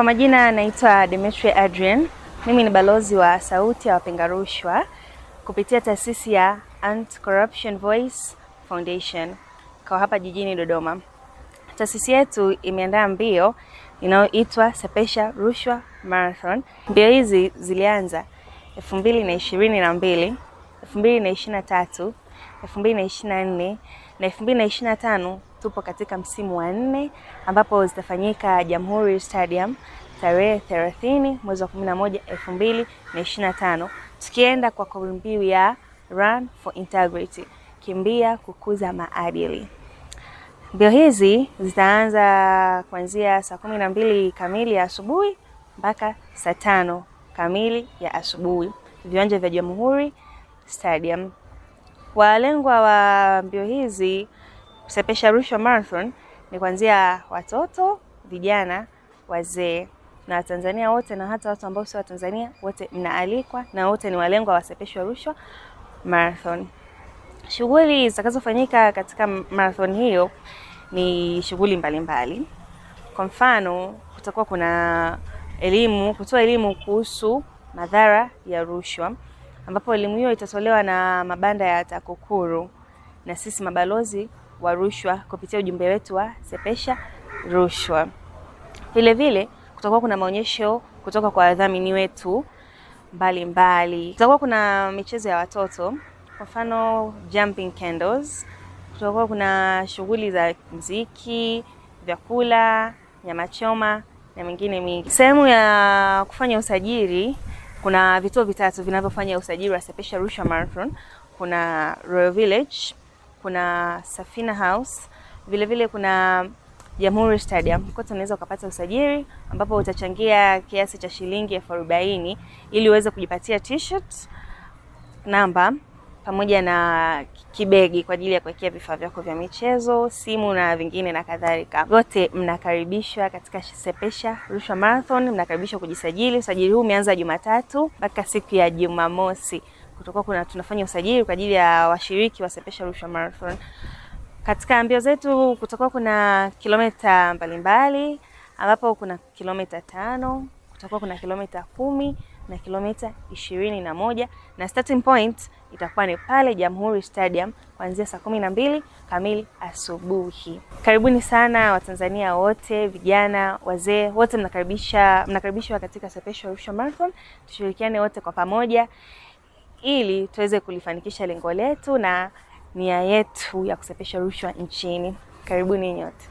Kwa majina anaitwa Demetria Adrian. Mimi ni balozi wa sauti ya wapinga rushwa kupitia taasisi ya Anti Corruption Voice Foundation kwa hapa jijini Dodoma. Taasisi yetu imeandaa mbio inayoitwa Sepesha Rushwa Marathon. Mbio hizi zilianza 2022, 2023, 2024 na 2025 Tupo katika msimu wa nne ambapo zitafanyika Jamhuri Stadium tarehe 30 mwezi wa 11 2025, tukienda kwa kauli mbiu ya Run for Integrity, kimbia kukuza maadili. Mbio hizi zitaanza kuanzia saa kumi na mbili kamili ya asubuhi mpaka saa tano kamili ya asubuhi, viwanja vya Jamhuri Stadium. Walengwa wa mbio hizi Kusepesha Rushwa Marathon ni kuanzia watoto, vijana, wazee na Watanzania wote na hata watu ambao sio Watanzania wote mnaalikwa na wote ni walengwa wa Rushwa Marathon. Shughuli zitakazofanyika katika marathon hiyo ni shughuli mbalimbali. Kwa mfano, kutakuwa kuna elimu, kutoa elimu kuhusu madhara ya rushwa, ambapo elimu hiyo itatolewa na mabanda ya TAKUKURU na sisi mabalozi wa rushwa kupitia ujumbe wetu wa Sepesha Rushwa. Vile vile kutakuwa kuna maonyesho kutoka kwa wadhamini wetu mbalimbali. Kutakuwa kuna michezo ya watoto, kwa mfano jumping candles. Kutakuwa kuna shughuli za muziki, vyakula, nyama choma na mengine mingi. Sehemu ya kufanya usajili, kuna vituo vitatu vinavyofanya usajili wa Sepesha Rushwa Marathon. Kuna Royal Village kuna Safina House, vilevile vile kuna Jamhuri Stadium. Kote unaweza ukapata usajili ambapo utachangia kiasi cha shilingi elfu arobaini ili uweze kujipatia t-shirt namba pamoja na kibegi kwa ajili ya kuwekea vifaa vyako vya michezo, simu na vingine na kadhalika. Wote mnakaribishwa katika Sepesha Rushwa Marathon, mnakaribishwa kujisajili. Usajili huu umeanza Jumatatu mpaka siku ya Jumamosi kutoka kuna tunafanya usajili kwa ajili ya washiriki wa Sepesha Rushwa Marathon. Katika mbio zetu kutakuwa kuna kilomita mbalimbali ambapo kuna kilomita tano, kutakuwa kuna kilomita kumi na kilomita ishirini na moja na starting point itakuwa ni pale Jamhuri Stadium kuanzia saa kumi na mbili kamili asubuhi. Karibuni sana Watanzania wote, vijana, wazee wote, mnakaribisha mnakaribishwa katika Sepesha Rushwa Marathon. Tushirikiane wote kwa pamoja ili tuweze kulifanikisha lengo letu na nia yetu ya kusafisha rushwa nchini. Karibuni nyote.